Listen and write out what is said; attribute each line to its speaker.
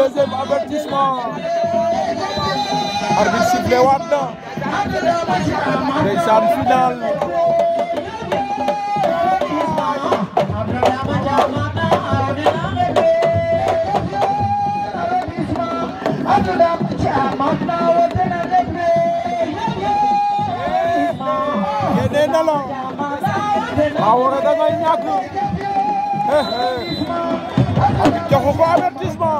Speaker 1: deuxième avertissement arbitre sifflé waat na ndeysaan final
Speaker 2: génne na la awara da ngay
Speaker 3: ñàkk joxu ko avertissement